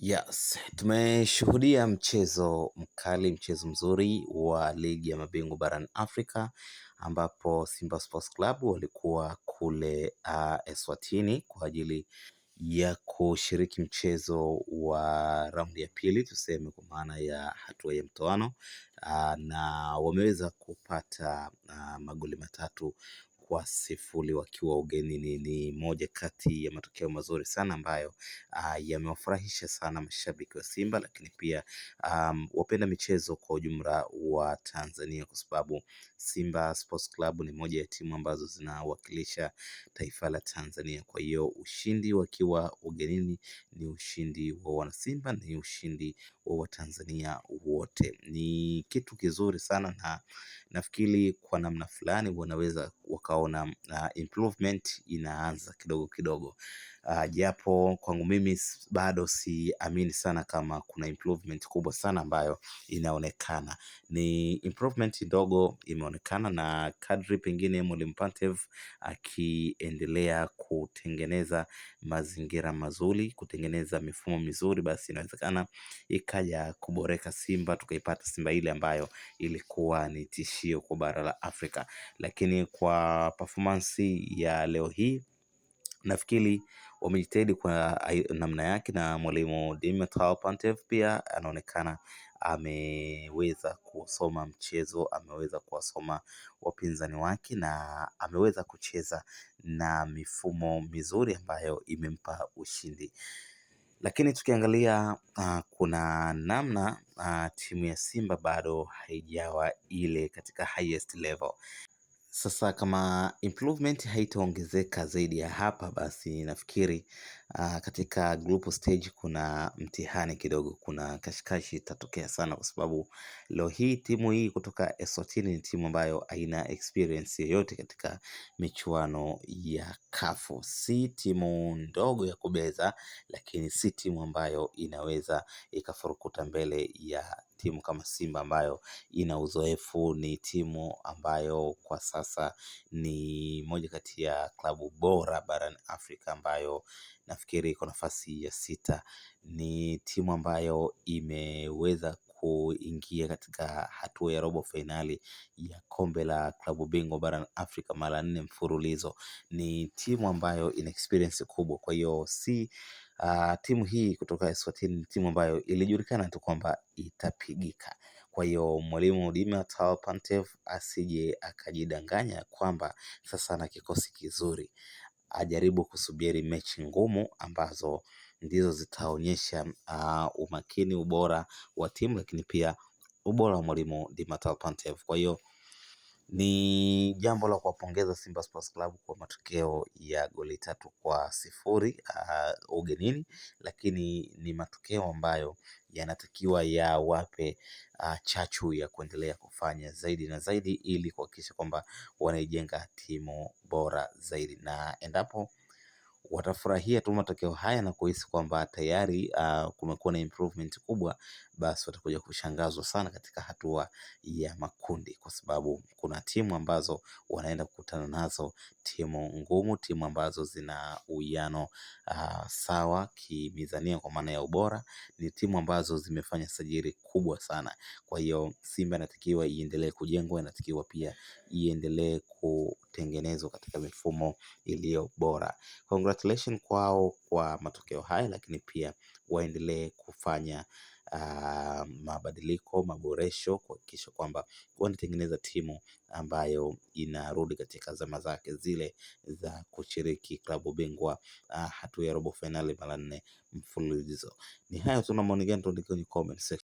Yes, tumeshuhudia mchezo mkali, mchezo mzuri wa ligi ya mabingwa barani Afrika ambapo Simba Sports Club walikuwa kule uh, Eswatini kwa ajili ya kushiriki mchezo wa raundi ya pili tuseme, kwa maana ya hatua ya mtoano uh, na wameweza kupata uh, magoli matatu kwa sifuri wakiwa ugenini ni moja kati ya matokeo mazuri sana ambayo yamewafurahisha sana mashabiki wa Simba, lakini pia um, wapenda michezo kwa ujumla wa Tanzania, kwa sababu Simba Sports Club ni moja ya timu ambazo zinawakilisha taifa la Tanzania. Kwa hiyo ushindi wakiwa ugenini ni ushindi wa wanasimba, ni ushindi wa Watanzania wote, ni kitu kizuri sana na nafikiri kwa namna fulani wanaweza waka ukaona uh, improvement inaanza kidogo kidogo uh, japo kwangu mimi bado siamini sana kama kuna improvement kubwa sana ambayo inaonekana. Ni improvement ndogo imeonekana, na kadri pengine mwalimu Pantev akiendelea kutengeneza mazingira mazuri, kutengeneza mifumo mizuri, basi inawezekana ikaja kuboreka Simba tukaipata Simba ile ambayo ilikuwa ni tishio kwa bara la Afrika, lakini kwa performance ya leo hii. Nafikiri wamejitahidi kwa namna yake, na mwalimu Dimitar Pantev pia anaonekana ameweza kusoma mchezo, ameweza kuwasoma wapinzani wake, na ameweza kucheza na mifumo mizuri ambayo imempa ushindi. Lakini tukiangalia uh, kuna namna uh, timu ya Simba bado haijawa ile katika highest level. Sasa kama improvement haitaongezeka zaidi ya hapa basi nafikiri ah, katika group stage kuna mtihani kidogo, kuna kashikashi itatokea sana kwa sababu leo hii timu hii kutoka Eswatini ni timu ambayo haina experience yoyote katika michuano ya kafu. Si timu ndogo ya kubeza, lakini si timu ambayo inaweza ikafurukuta mbele ya timu kama Simba ambayo ina uzoefu, ni timu ambayo kwa sasa ni moja kati ya klabu bora barani Afrika ambayo nafikiri iko nafasi ya sita. Ni timu ambayo imeweza kuingia katika hatua ya robo fainali ya kombe la klabu bingwa barani Afrika mara nne mfululizo. Ni timu ambayo ina experience kubwa, kwa hiyo si uh, timu hii kutoka Eswatini ni timu ambayo ilijulikana tu kwamba itapigika. Kwa hiyo mwalimu Dimitar asije akajidanganya kwamba sasa ana kikosi kizuri, ajaribu kusubiri mechi ngumu ambazo ndizo zitaonyesha umakini, ubora wa timu, lakini pia ubora wa mwalimu Dimitar Pantev. Kwa hiyo ni jambo la kuwapongeza Simba Sports Club kwa matokeo ya goli tatu kwa sifuri uh, ugenini, lakini ni matokeo ambayo yanatakiwa yawape uh, chachu ya kuendelea kufanya zaidi na zaidi ili kuhakikisha kwamba wanaijenga timu bora zaidi, na endapo watafurahia tu matokeo haya na kuhisi kwamba tayari uh, kumekuwa na improvement kubwa, basi watakuja kushangazwa sana katika hatua ya makundi, kwa sababu kuna timu ambazo wanaenda kukutana nazo, timu ngumu, timu ambazo zina uwiano uh, sawa kimizania, kwa maana ya ubora. Ni timu ambazo zimefanya sajiri kubwa sana. Kwa hiyo Simba inatakiwa iendelee kujengwa, inatakiwa pia iendelee ku kutengenezwa katika mifumo iliyo bora. Congratulations kwao kwa matokeo haya, lakini pia waendelee kufanya ah, mabadiliko, maboresho kuhakikisha kwamba wanatengeneza timu ambayo inarudi katika zama zake zile za kushiriki klabu bingwa ah, hatua ya robo fainali mara nne mfululizo. Ni hayo tu, una maoni gani? tuandike kwenye comment section.